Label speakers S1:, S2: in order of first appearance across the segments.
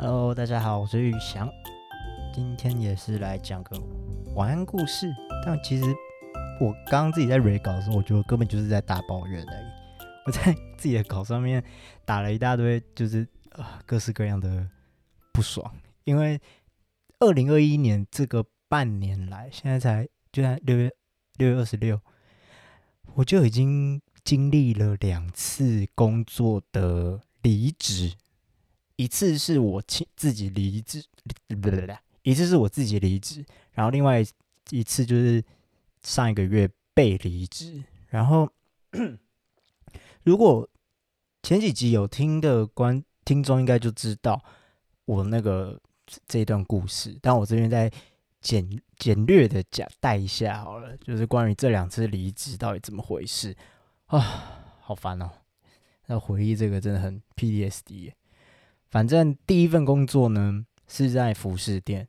S1: Hello，大家好，我是鈺翔，今天也是來講個晚安故事。但其實我剛剛自己在 re 稿的時候，我覺得根本就是在大抱怨而已。我在自己的稿上面打了一大堆，就是呃各式各樣的不爽。因為二零二一年這個半年來，現在才就在六月六月二十六，我就已經經歷了兩次工作的離職。一次是我親自己離職，不對不對，一次是我自己離職，然後另外一次就是上一個月被離職。然後如果前幾集有聽的觀聽眾應該就知道我那個這一段故事，但我這邊再簡簡略的講帶一下好了，就是關於這兩次離職到底怎麼回事啊、哦，好煩哦！那回憶這個真的很 PTSD。反正第一份工作呢，是在服飾店，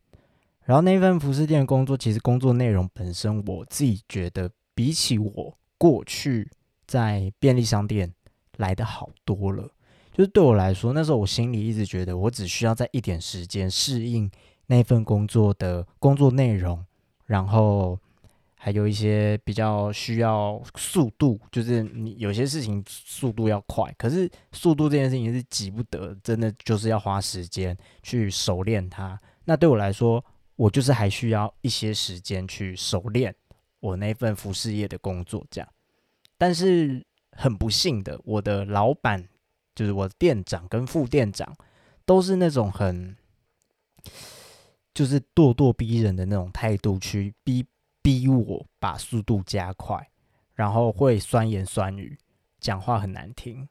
S1: 然後那一份服飾店工作，其實工作內容本身，我自己覺得比起我過去在便利商店來得好多了。就是對我來說，那時候我心裡一直覺得，我只需要再一點時間適應那份工作的工作內容，然後。還有一些比較需要速度，就是你有些事情速度要快，可是速度這件事情是急不得，真的就是要花時間去熟練它。那對我來說，我就是還需要一些時間去熟練我那份服飾業的工作，這樣。但是很不幸的，我的老闆就是我店長跟副店長，都是那種很就是咄咄逼人的那種態度去逼。逼我把速度加快，然後會酸言酸語，講話很難聽，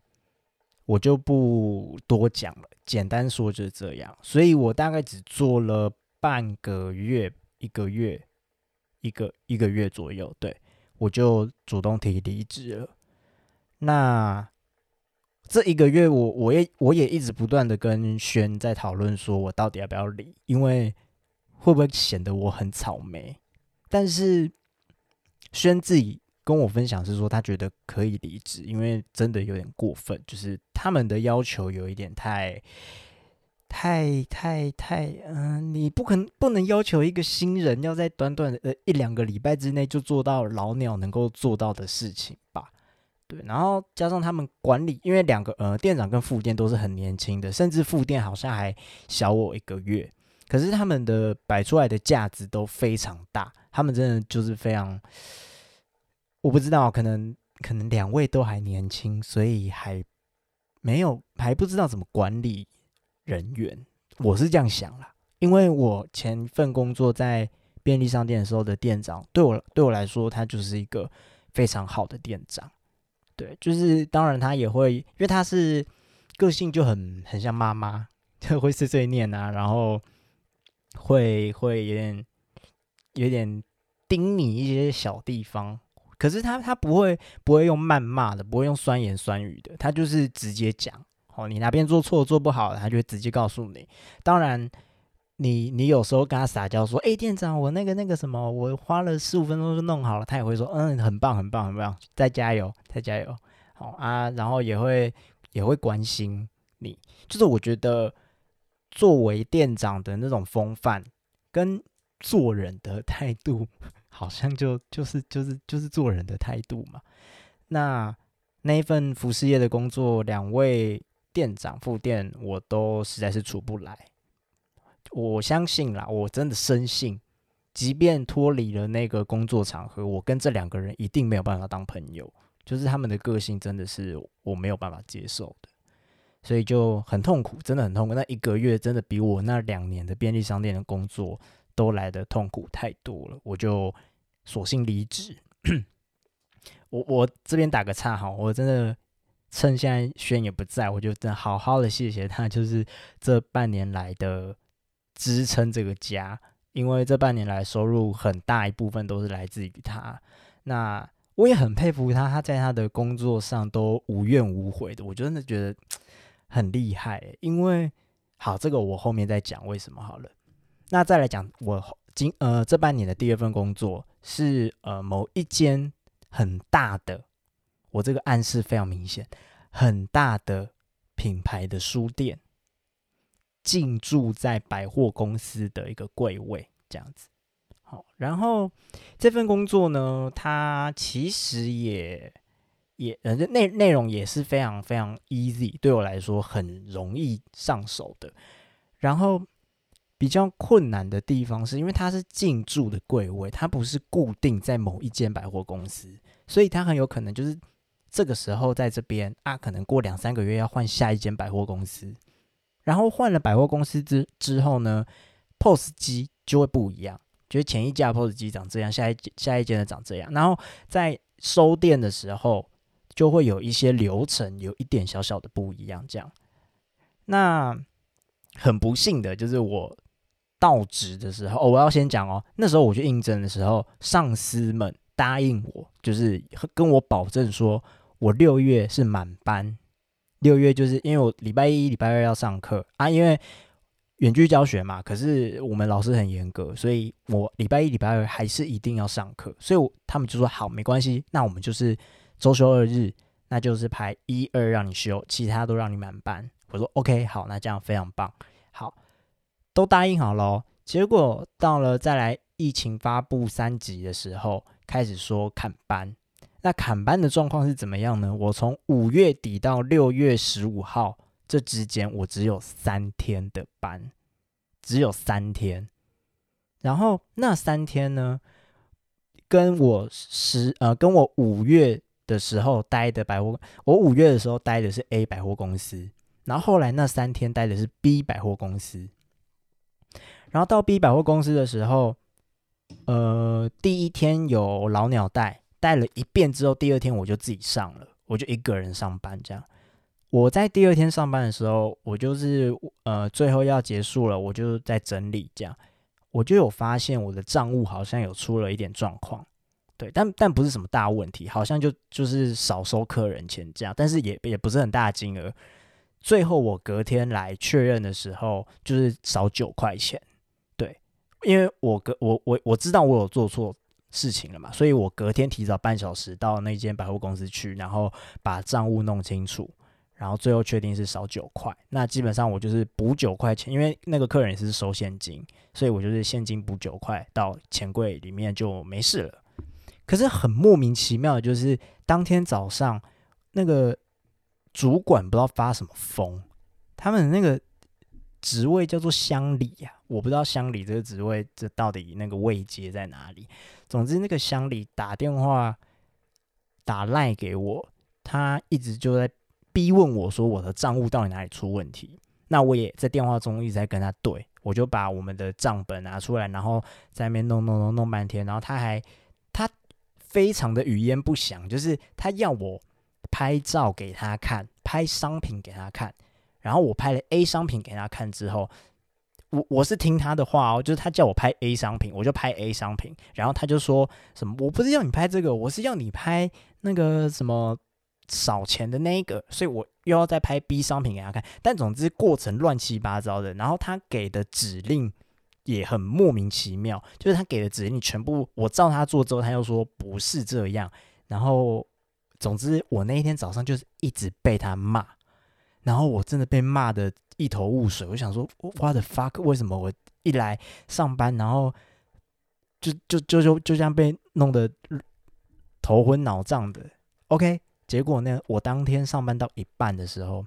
S1: 我就不多講了。簡單說就這樣，所以我大概只做了半個月，一個月，一個一個月左右，對我就主動提離職了。那這一個月我，我我也我也一直不斷的跟軒在討論，說我到底要不要離，因為會不會顯得我很草莓。但是，軒自己跟我分享是說，他覺得可以離職，因為真的有點過分，就是他們的要求有一點太太太太，嗯、呃，你不可能不能要求一個新人要在短短的呃一兩個禮拜之內就做到老鳥能夠做到的事情吧？對，然後加上他們管理，因為兩個呃店長跟副店都是很年輕的，甚至副店好像還小我一個月，可是他們的擺出來的架子都非常大。他們真的就是非常，我不知道，可能可能兩位都還年輕，所以還沒有還不知道怎麼管理人員。我是這樣想啦，因為我前份工作在便利商店的時候的店長，對我對我來說，他就是一個非常好的店長。對，就是當然他也會，因為他是個性就很很像媽媽，就會碎碎念啊，然後會會有點有點。盯你一些小地方，可是他他不會不會用謾罵的，不會用酸言酸語的，他就是直接講哦，你哪邊做錯做不好，他就會直接告訴你。當然，你你有時候跟他撒嬌說，誒、欸，店長，我那個那個什麼，我花了四五分鐘就弄好了，他也會說，嗯，很棒，很棒，很棒，再加油，再加油，好、哦、啊，然後也會也會關心你，就是我覺得作為店長的那種風範跟做人的態度。好像就就是就是就是做人的態度嘛。那那一份服飾業的工作，兩位店長、副店，我都實在是處不來。我相信啦，我真的深信，即便脫離了那個工作場合，我跟這兩個人一定沒有辦法當朋友。就是他們的個性真的是我沒有辦法接受的，所以就很痛苦，真的很痛苦。那一個月真的比我那兩年的便利商店的工作都來得痛苦太多了，我就，索性離職。 我我這邊打個岔哈，我真的趁現在軒也不在，我就真的好好的謝謝他，就是這半年來的支撐這個家，因為這半年來收入很大一部分都是來自於他。那我也很佩服他，他在他的工作上都無怨無悔的，我真的覺得很厲害。因為好，這個我後面再講為什麼好了。那再來講我。今呃，這半年的第二份工作是呃，某一間很大的，我這個暗示非常明顯，很大的品牌的書店，進駐在百貨公司的一個櫃位這樣子。好，然後這份工作呢，它其實也也呃內內容也是非常非常 easy，對我來說很容易上手的。然後。比較困難的地方是因為它是進駐的櫃位，它不是固定在某一間百貨公司，所以它很有可能就是這個時候在這邊啊，可能過兩三個月要換下一間百貨公司，然後換了百貨公司之之後呢，POS 機就會不一樣，就是前一架 POS 機長這樣，下一下一間的長這樣，然後在收店的時候就會有一些流程有一點小小的不一樣，這樣。那很不幸的就是我。到職的時候哦，我要先講哦。那時候我去應徵的時候，上司們答應我，就是跟我保證說，我六月是滿班。六月就是因為我禮拜一、禮拜二要上課啊，因為遠距教學嘛。可是我們老師很嚴格，所以我禮拜一、禮拜二還是一定要上課。所以他們就說：“好，沒關係，那我們就是周休二日，那就是排一二讓你休，其他都讓你滿班。”我說：“OK，好，那這樣非常棒。”都答應好了，哦，結果到了再來疫情發布三級的時候，開始說砍班。那砍班的狀況是怎麼樣呢？我從五月底到六月十五號這之間，我只有三天的班，只有三天。然後那三天呢，跟我十呃，跟我五月的時候待的百貨，我五月的時候待的是 A 百貨公司，然後後來那三天待的是 B 百貨公司。然後到 B 百貨公司的時候，呃，第一天有老鳥帶，帶了一遍之後，第二天我就自己上了，我就一個人上班這樣。我在第二天上班的時候，我就是呃，最後要結束了，我就在整理這樣，我就有發現我的賬務好像有出了一點狀況，對，但但不是什麼大問題，好像就就是少收客人錢這樣，但是也也不是很大的金額。最後我隔天來確認的時候，就是少九塊錢。因為我隔我我我知道我有做錯事情了嘛，所以我隔天提早半小時到那間百貨公司去，然後把賬務弄清楚，然後最後確定是少九塊，那基本上我就是補九塊錢，因為那個客人也是收現金，所以我就是現金補九塊到錢櫃裡面就沒事了。可是很莫名其妙的就是當天早上那個主管不知道發什麼瘋，他們那個職位叫做襄理呀、啊。我不知道鄉里這個職位，這到底那個位階在哪裡？總之，那個鄉里打電話打 Line 給我，他一直就在逼問我說我的賬務到底哪裡出問題。那我也在電話中一直在跟他對，我就把我們的賬本拿出來，然後在那邊弄弄弄弄弄半天。然後他還他非常的語焉不詳，就是他要我拍照給他看，拍商品給他看。然後我拍了 A 商品給他看之後，我我是聽他的話哦，就是他叫我拍 A 商品，我就拍 A 商品，然後他就說什麼，我不是要你拍這個，我是要你拍那個什麼少錢的那一個，所以我又要再拍 B 商品給他看。但總之過程亂七八糟的，然後他給的指令也很莫名其妙，就是他給的指令全部我照他做之後，他又說不是這樣，然後總之我那一天早上就是一直被他罵，然後我真的被罵的。一頭霧水，我想說，what the fuck？為什麼我一來上班，然後就就就就就這樣被弄得頭昏腦脹的？OK，結果呢，我當天上班到一半的時候，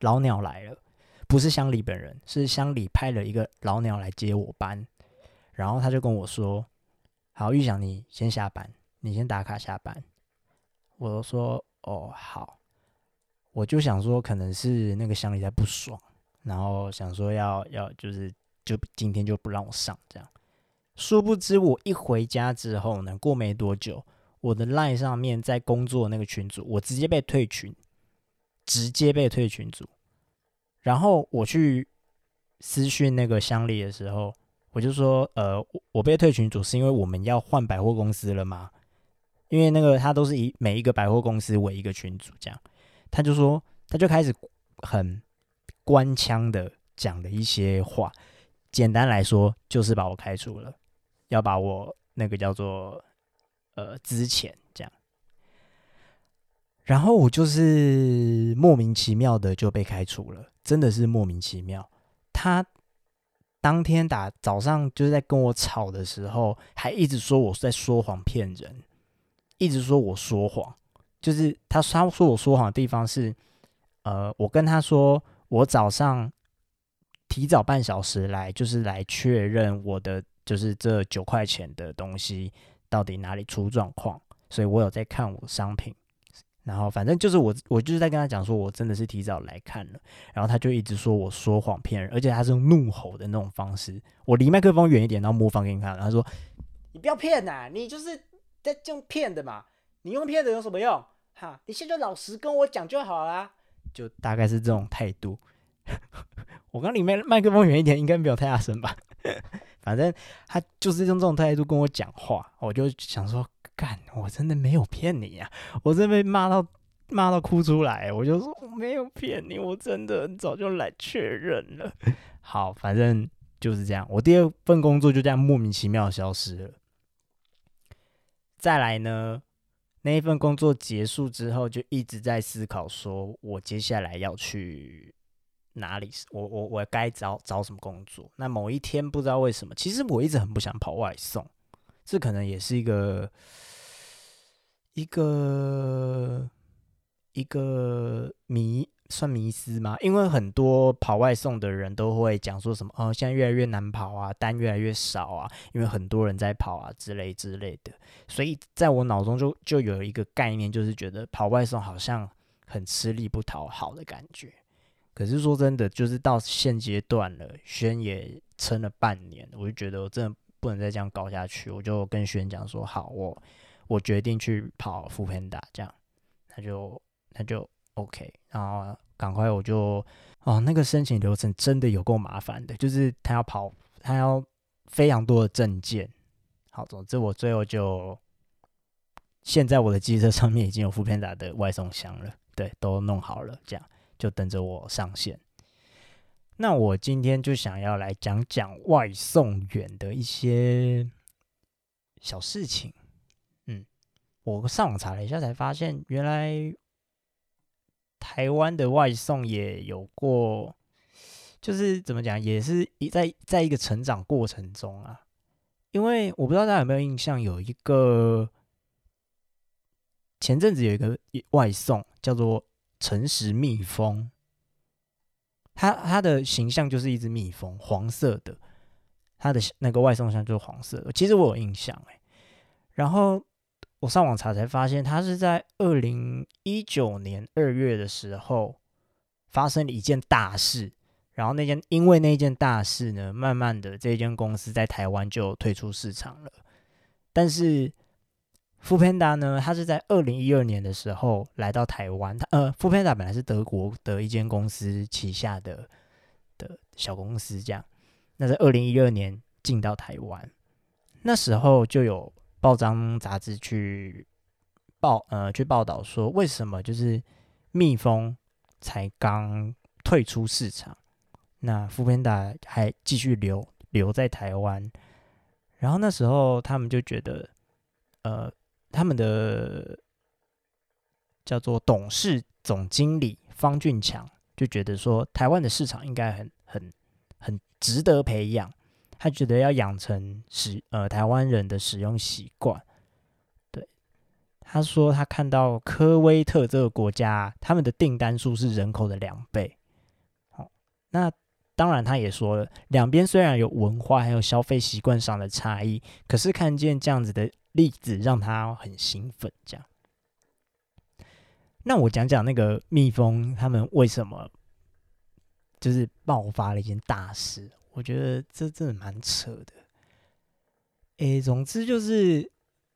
S1: 老鳥來了，不是鄉里本人，是鄉里派了一個老鳥來接我班，然後他就跟我說：“好，鈺翔你先下班，你先打卡下班。”我都說：“哦，好。”我就想說，可能是那個鄉里在不爽，然後想說要要就是就今天就不讓我上這樣。殊不知，我一回家之後呢，過沒多久，我的 line 上面在工作那個群組，我直接被退群，直接被退群組。然後我去私訊那個鄉里的時候，我就說：“呃，我被退群組是因為我們要換百貨公司了嗎？因為那個他都是以每一個百貨公司為一個群組這樣。”他就說，他就開始很官腔的講了一些話，簡單來說就是把我開除了，要把我那個叫做呃之前這樣，然後我就是莫名其妙的就被開除了，真的是莫名其妙。他當天打早上就是在跟我吵的時候，還一直說我在說謊騙人，一直說我說謊。就是他，他說我說謊的地方是，呃，我跟他說我早上提早半小時來，就是來確認我的，就是這九塊錢的東西到底哪裡出狀況，所以我有在看我商品，然後反正就是我，我就是在跟他講說我真的是提早來看了，然後他就一直說我說謊騙人，而且他是用怒吼的那種方式，我離麥克風遠一點，然後模仿給你看，他說，你不要騙吶、啊，你就是在這樣騙的嘛。你用騙的有什麼用？哈！你現在老實跟我講就好了啦，就大概是這種態度。 我剛離麥克風遠一點，應該沒有太大聲吧。 反正他就是用這種態度跟我講話，我就想說，幹，我真的沒有騙你呀、啊！我真被罵到罵到哭出來，我就說我沒有騙你，我真的很早就來確認了。 好，反正就是這樣。我第二份工作就這樣莫名其妙消失了。再來呢？那一份工作結束之後，就一直在思考說我接下來要去哪裡？我我我該找找什麼工作？那某一天不知道為什麼，其實我一直很不想跑外送，這可能也是一個一個一個謎。算迷思嗎？因為很多跑外送的人都會講說什麼哦，現在越來越難跑啊，單越來越少啊，因為很多人在跑啊，之類之類的。所以在我腦中就就有一個概念，就是覺得跑外送好像很吃力不討好的感覺。可是說真的，就是到現階段了，軒也撐了半年，我就覺得我真的不能再這樣搞下去。我就跟軒講說，好，我我決定去跑 foodpanda，這樣，那就那就。OK，然後趕快我就哦，那個申請流程真的有夠麻煩的，就是他要跑，他要非常多的證件。好，總之我最後就現在我的機車上面已經有副片打的外送箱了，對，都弄好了，這樣就等着我上線。那我今天就想要來講講外送員的一些小事情。嗯，我上網查了一下，才發現原來。台灣的外送也有過，就是怎麼講，也是一在在一個成長過程中啊。因為我不知道大家有沒有印象，有一個前陣子有一個外送叫做“誠實蜜蜂”，它它的形象就是一隻蜜蜂，黃色的，它的那個外送箱就是黃色的。其實我有印象、欸、然後。我上網查才發現，他是在二零一九年二月的時候發生了一件大事，然後那件，因為那件大事呢，慢慢的這一間公司在台灣就退出市場了，但是 Foodpanda 呢，他是在二零一二年的時候來到台灣，他呃，Foodpanda 本來是德國的一間公司旗下的的小公司，這樣，那在二零一二年進到台灣，那時候就有。報章雜誌去報呃去報道說，為什麼就是蜜蜂才剛退出市場，那富邊達還繼續留留在台灣，然後那時候他們就覺得，呃，他們的叫做董事總經理方俊強就覺得說，台灣的市場應該很很很值得培養。他覺得要養成使呃台灣人的使用習慣，對，他說他看到科威特這個國家，他們的訂單數是人口的兩倍。好，那當然他也說了，兩邊雖然有文化還有消費習慣上的差異，可是看見這樣子的例子讓他很興奮。這樣，那我講講那個蜜蜂，他們為什麼就是爆發了一件大事。我覺得這真的蠻扯的，誒，總之就是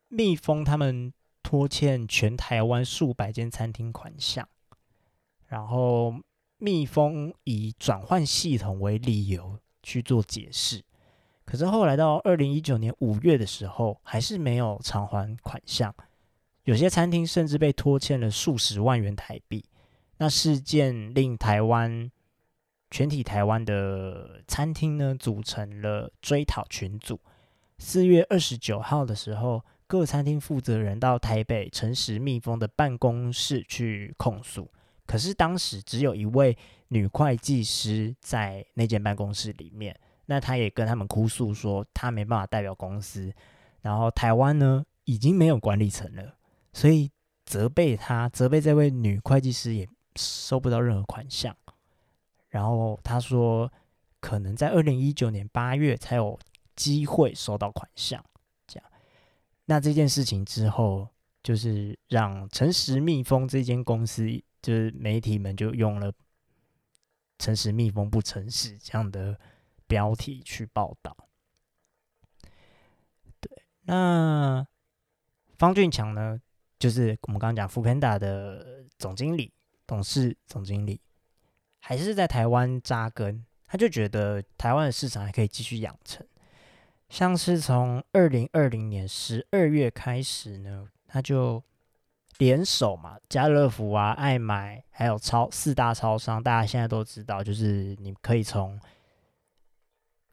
S1: 蜜蜂他們拖欠全台灣數百間餐廳款項，然後蜜蜂以轉換系統為理由去做解釋，可是後來到二零一九年五月的時候，還是沒有償還款項，有些餐廳甚至被拖欠了數十萬元台幣，那事件令台灣。全體台灣的餐廳呢，組成了追討群組。四月二十九號的時候，各餐廳負責人到台北誠實蜜蜂的辦公室去控訴。可是當時只有一位女會計師在那間辦公室裡面，那他也跟他們哭訴說，他沒辦法代表公司。然後台灣呢，已經沒有管理層了，所以責備他，責備這位女會計師也收不到任何款項。然後他說，可能在二零一九年八月才有機會收到款項。這樣，那這件事情之後，就是讓誠實蜜蜂這間公司，就是媒體們就用了“誠實蜜蜂不誠實”這樣的標題去報道。對，那方俊強呢，就是我們剛剛講富胖達的總經理、董事總經理。還是在台灣扎根，他就覺得台灣的市場還可以繼續養成。像是從二零二零年十二月開始呢，他就聯手嘛，家樂福啊、愛買還有超四大超商，大家現在都知道，就是你可以從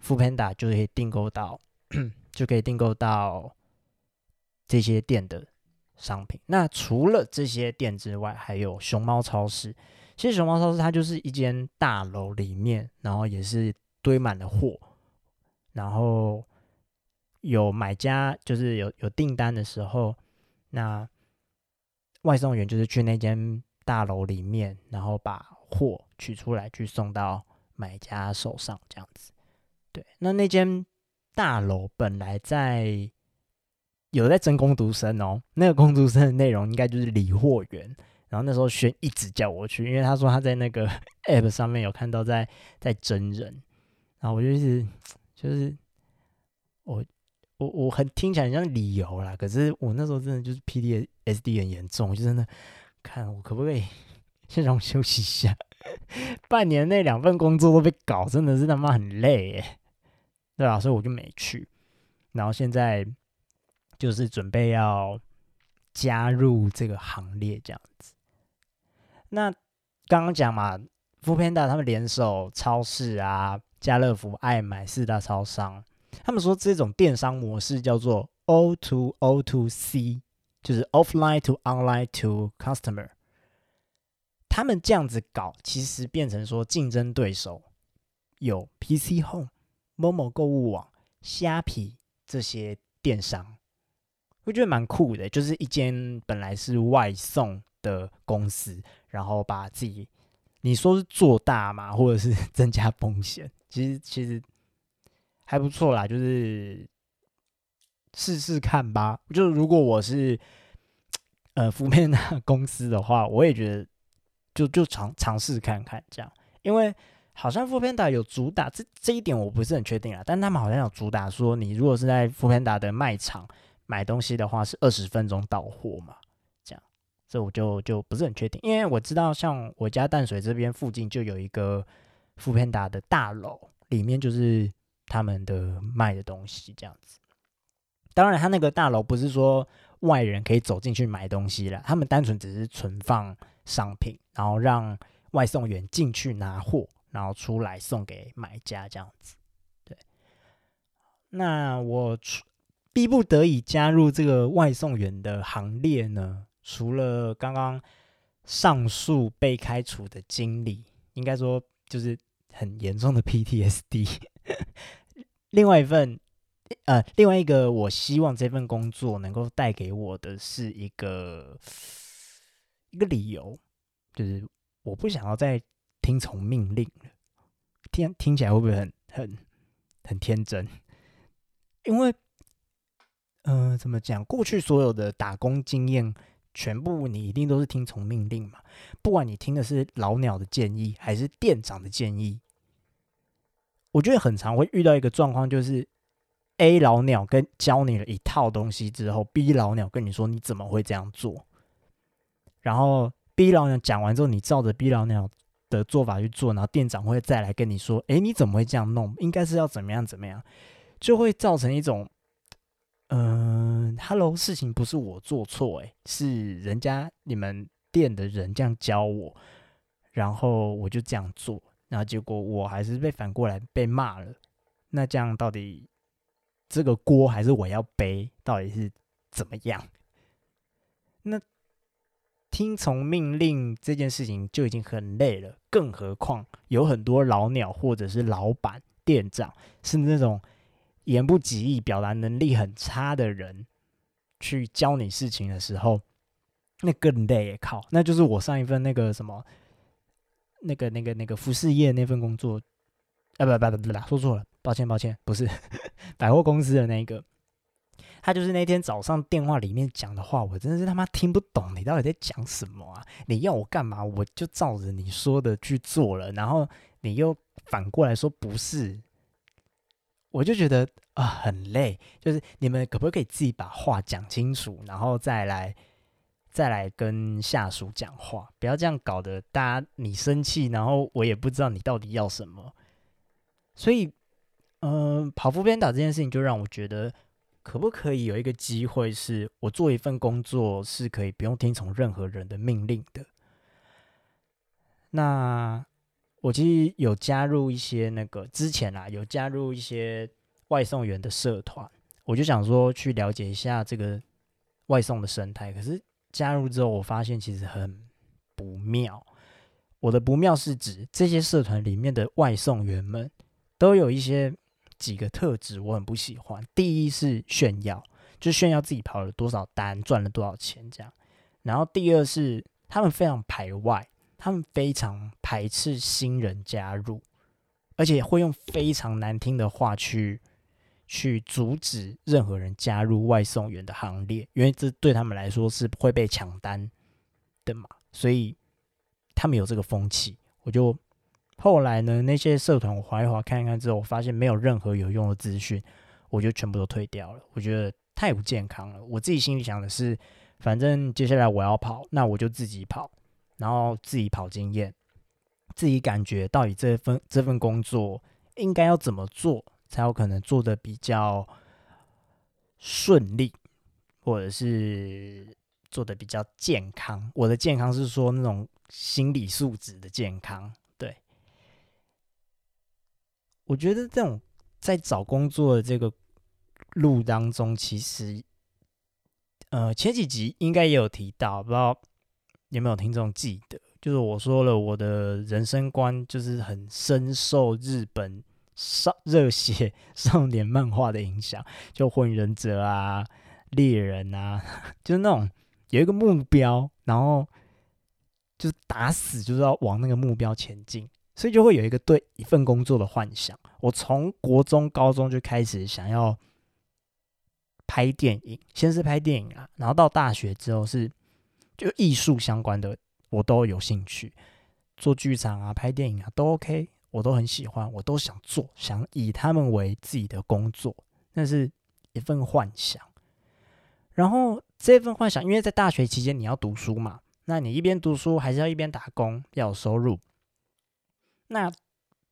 S1: Foodpanda 就可以訂購到， 就可以訂購到這些店的商品。那除了這些店之外，還有熊貓超市。其實熊貓超市它就是一間大樓裡面，然後也是堆滿了貨，然後有買家就是有有訂單的時候，那外送員就是去那間大樓裡面，然後把貨取出來去送到買家手上這樣子。對，那那間大樓本來在有在徵工讀生哦，那個工讀生的內容應該就是理貨員。然後那時候軒一直叫我去，因為他說他在那個 App 上面，有看到在在徵人，然後我就一直就是我我我很聽起來很像理由啦，可是我那時候真的就是 PDSD 很嚴重，我就真的看我可不可以先讓我休息一下。 半年內兩份工作都被搞，真的是他媽很累耶，對啊，所以我就沒去。然後現在就是準備要加入這個行列，這樣子。那剛剛講嘛 Foodpanda 他們聯手超市啊，家樂福、愛買四大超商，他們說這種電商模式叫做 O to O to C，就是 Offline to Online to Customer。他們這樣子搞，其實變成說競爭對手有 PC Home、momo 購物網、蝦皮這些電商，我覺得蠻酷的，就是一間本來是外送。的公司，然後把自己，你說是做大嘛，或者是增加風險，其實其實還不錯啦，就是試試看吧。就是如果我是呃 foodpanda 公司的話，我也覺得就就嘗嘗試看看這樣，因為好像 foodpanda 有主打這這一點我不是很確定啦，但他們好像有主打說，你如果是在 foodpanda 的賣場買東西的話，是二十分鐘到貨嘛。這我就就不是很確定，因為我知道像我家淡水這邊附近就有一個富胖達的大樓，裡面就是他們的賣的東西這樣子。當然，他那個大樓不是說外人可以走進去買東西了，他們單純只是存放商品，然後讓外送員進去拿貨，然後出來送給買家這樣子。對。那我逼不得已加入這個外送員的行列呢？除了剛剛上述，被開除的經歷，應該說就是很嚴重的 PTSD。 另外一份，呃，另外一個，我希望這份工作能夠帶給我的是一個一個理由，就是我不想要再聽從命令了。聽聽起來會不會很很很天真？因為，嗯、呃，怎麼講？過去所有的打工經驗。.全部你一定都是聽從命令嘛？不管你聽的是老鳥的建議還是店長的建議，我覺得很常會遇到一個狀況，就是 A 老鳥跟教你了一套東西之後，B 老鳥跟你說你怎麼會這樣做，然後 B 老鳥講完之後，你照着 B 老鳥的做法去做，然後店長會再來跟你說，誒，你怎麼會這樣弄？應該是要怎麼樣怎麼樣，就會造成一種。嗯、呃，Hello，事情不是我做錯，誒，是人家你們店的人這樣教我，然後我就這樣做，然後結果我還是被反過來被罵了，那這樣到底這個鍋還是我要背？到底是怎麼樣？那聽從命令這件事情就已經很累了，更何況有很多老鳥或者是老闆、店長是那種。言不及義、表達能力很差的人，去教你事情的時候，那更累。靠，那就是我上一份那個什麼，那個、那個、那個、那個、服飾業那份工作，啊不不不不啦，說錯了，抱歉抱歉，不是百貨公司的那個，他就是那天早上電話裡面講的話，我真的是他媽聽不懂你到底在講什麼啊！你要我幹嘛，我就照着你說的去做了，然後你又反過來說不是。我就覺得啊、呃、很累，就是你們可不可以自己把話講清楚，然後再來再來跟下屬講話，不要這樣搞得大家你生氣，然後我也不知道你到底要什麼。所以，嗯、呃，跑副編導這件事情就讓我覺得，可不可以有一個機會，是我做一份工作是可以不用聽從任何人的命令的？那。我其實有加入一些那個之前啦，有加入一些外送員的社團，我就想說去了解一下這個外送的生態。可是加入之後，我發現其實很不妙。我的不妙是指這些社團裡面的外送員們都有一些幾個特質，我很不喜歡。第一是炫耀，就炫耀自己跑了多少單，賺了多少錢這樣。然後第二是他們非常排外。他們非常排斥新人加入，而且會用非常難聽的話去去阻止任何人加入外送員的行列，因為這對他們來說是不會被搶單的嘛，所以他們有這個風氣。我就後來呢，那些社團我滑一滑，看一看之後，我發現沒有任何有用的資訊，我就全部都退掉了。我覺得太不健康了。我自己心裡想的是，反正接下來我要跑，那我就自己跑。然後自己跑經驗，自己感覺到底這份這份工作應該要怎麼做，才有可能做得比較順利，或者是做得比較健康。我的健康是說那種心理素質的健康。對，我覺得這種在找工作的這個路當中，其實，呃，前幾集應該也有提到，不有沒有聽眾記得？就是我說了，我的人生觀就是很深受日本少熱血少年漫畫的影響，就火影忍者啊、獵人啊，就是那種有一個目標，然後就是打死就是要往那個目標前進，所以就會有一個對一份工作的幻想。我從國中、高中就開始想要拍電影，先是拍電影啊，然後到大學之後是。就藝術相關的，我都有興趣。做劇場啊、拍電影啊，都 OK，我都很喜歡，我都想做，想以他們為自己的工作，那是一份幻想。然後這份幻想，因為在大學期間你要讀書嘛，那你一邊讀書還是要一邊打工，要有收入。那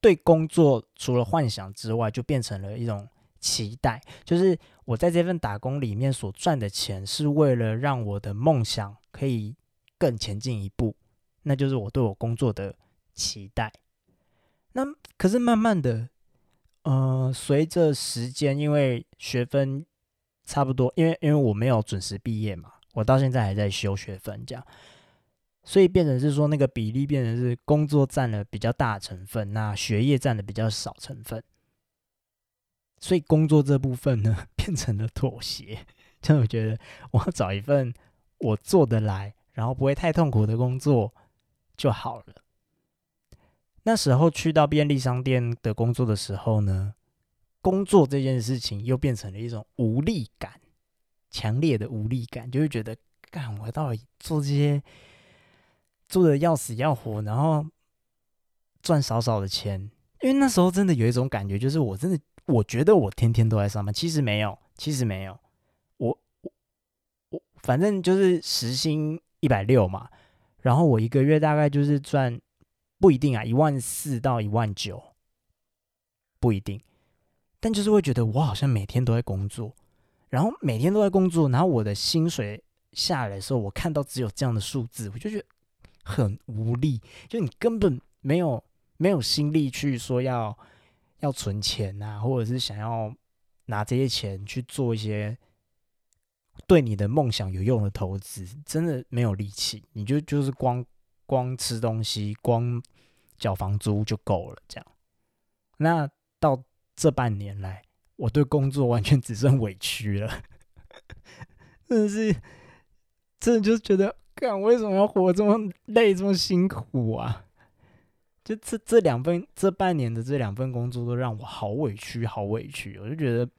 S1: 對工作除了幻想之外，就變成了一種期待，就是我在這份打工裡面所賺的錢，是為了讓我的夢想。可以更前進一步，那就是我對我工作的期待。那可是慢慢的，呃，隨着時間，因為學分差不多，因為因為我沒有準時畢業嘛，我到現在還在修學分，這樣，所以變成是說那個比例變成是工作佔了比較大成分，那學業佔的比較少成分，所以工作這部分呢，變成了妥協。所以我覺得我要找一份。我做得來，然後不會太痛苦的工作就好了。那時候去到便利商店的工作的時候呢，工作這件事情又變成了一種無力感，強烈的無力感，就會、是、覺得，幹我到底做這些，做的要死要活，然後賺少少的錢。因為那時候真的有一種感覺，就是我真的，我覺得我天天都在上班，其實沒有，其實沒有。我反正就是時薪一百六嘛，然後我一個月大概就是賺不一定啊，一萬四到一萬九，不一定，但就是會覺得我好像每天都在工作，然後每天都在工作，然後我的薪水下來的時候，我看到只有這樣的數字，我就覺得很無力，就你根本沒有沒有心力去說要要存錢吶啊，或者是想要拿這些錢去做一些。對你的夢想有用的投資，真的沒有力氣，你就就是光光吃東西、光繳房租就夠了。這樣，那到這半年來，我對工作完全只剩委屈了， 真的是，真的就是覺得，幹，為什麼要活這麼累、這麼辛苦啊？就這這兩份這半年的這兩份工作都讓我好委屈、好委屈，我就覺得。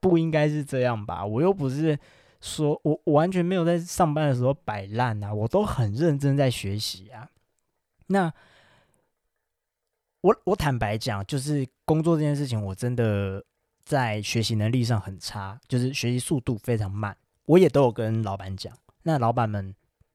S1: 不應該是這樣吧？我又不是說我，我完全沒有在上班的時候擺爛啊，我都很認真在學習啊。那我我坦白講，就是工作這件事情，我真的在學習能力上很差，就是學習速度非常慢。我也都有跟老闆講，那老闆們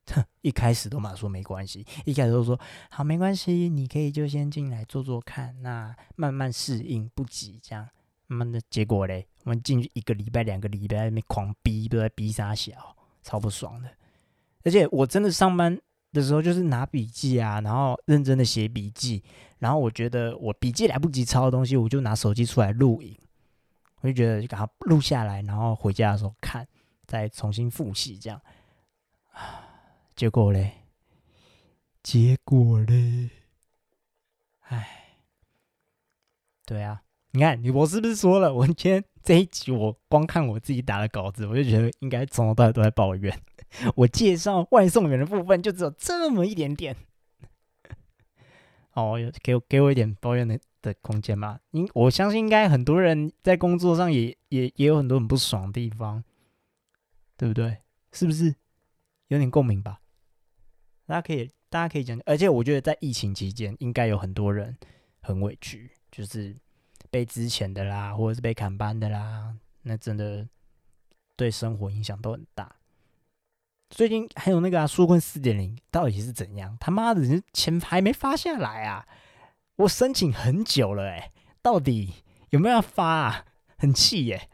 S1: 哼，一開始都嘛說沒關係，一開始都說好沒關係，你可以就先進來做做看，那慢慢適應，不急這樣。慢慢的，結果嘞，我們進去一個禮拜、兩個禮拜，那邊狂逼都在逼殺小，超不爽的。而且我真的上班的時候就是拿筆記啊，然後認真的寫筆記，然後我覺得我筆記來不及抄的東西，我就拿手機出來錄影，我就覺得就趕快錄下來，然後回家的時候看，再重新複習這樣。啊，結果嘞，結果嘞，哎，對啊。你看，你我是不是說了？我今天這一集，我光看我自己打的稿子，我就覺得應該從頭到尾都在抱怨。 我介紹外送員的部分就只有這麼一點點。哦， 有給我給我一點抱怨的的空間嘛？應我相信，應該很多人在工作上也也也有很多很不爽的地方，對不對？是不是有點共鳴吧？大家可以大家可以講，而且我覺得在疫情期間，應該有很多人很委屈，就是。被資遣的啦，或者是被砍班的啦，那真的對生活影響都很大。最近還有那個啊，紓困四點零到底是怎樣？他媽的，錢還沒發下來啊！我申請很久了、欸，哎，到底有沒有要發、啊？很氣耶、欸。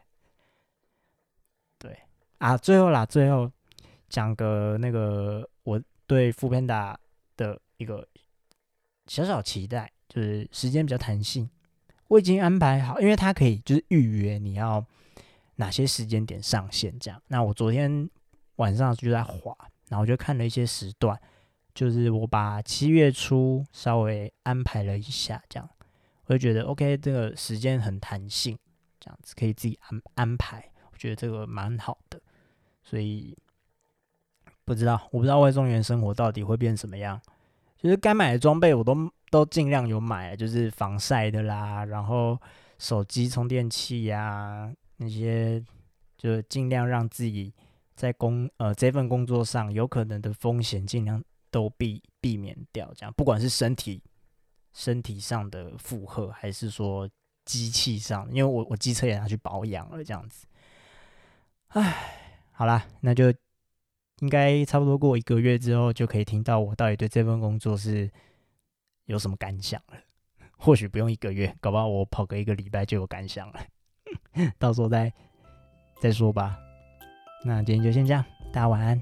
S1: 對啊，最後啦，最後講個那個我對 foodpanda 的一個小小期待，就是時間比較彈性。我已經安排好，因為他可以就是預約你要哪些時間點上線這樣。那我昨天晚上就在滑，然後就看了一些時段，就是我把七月初稍微安排了一下這樣。我就覺得 OK，這個時間很彈性，這樣子可以自己安安排，我覺得這個蠻好的。所以不知道，我不知道外送員生活到底會變什麼樣。其實該買的裝備我都。都盡量有買，就是防曬的啦，然後手機充電器呀、啊，那些就盡量讓自己在工呃這份工作上有可能的風險，盡量都避避免掉。這樣，不管是身體身體上的負荷，還是說機器上，因為我我機車也拿去保養了，這樣子。唉，好啦，那就應該差不多過一個月之後，就可以聽到我到底對這份工作是。有什麼感想了？或許不用一個月，搞不好我跑個一個禮拜就有感想了。 到時候再再說吧。那今天就先這樣，大家晚安。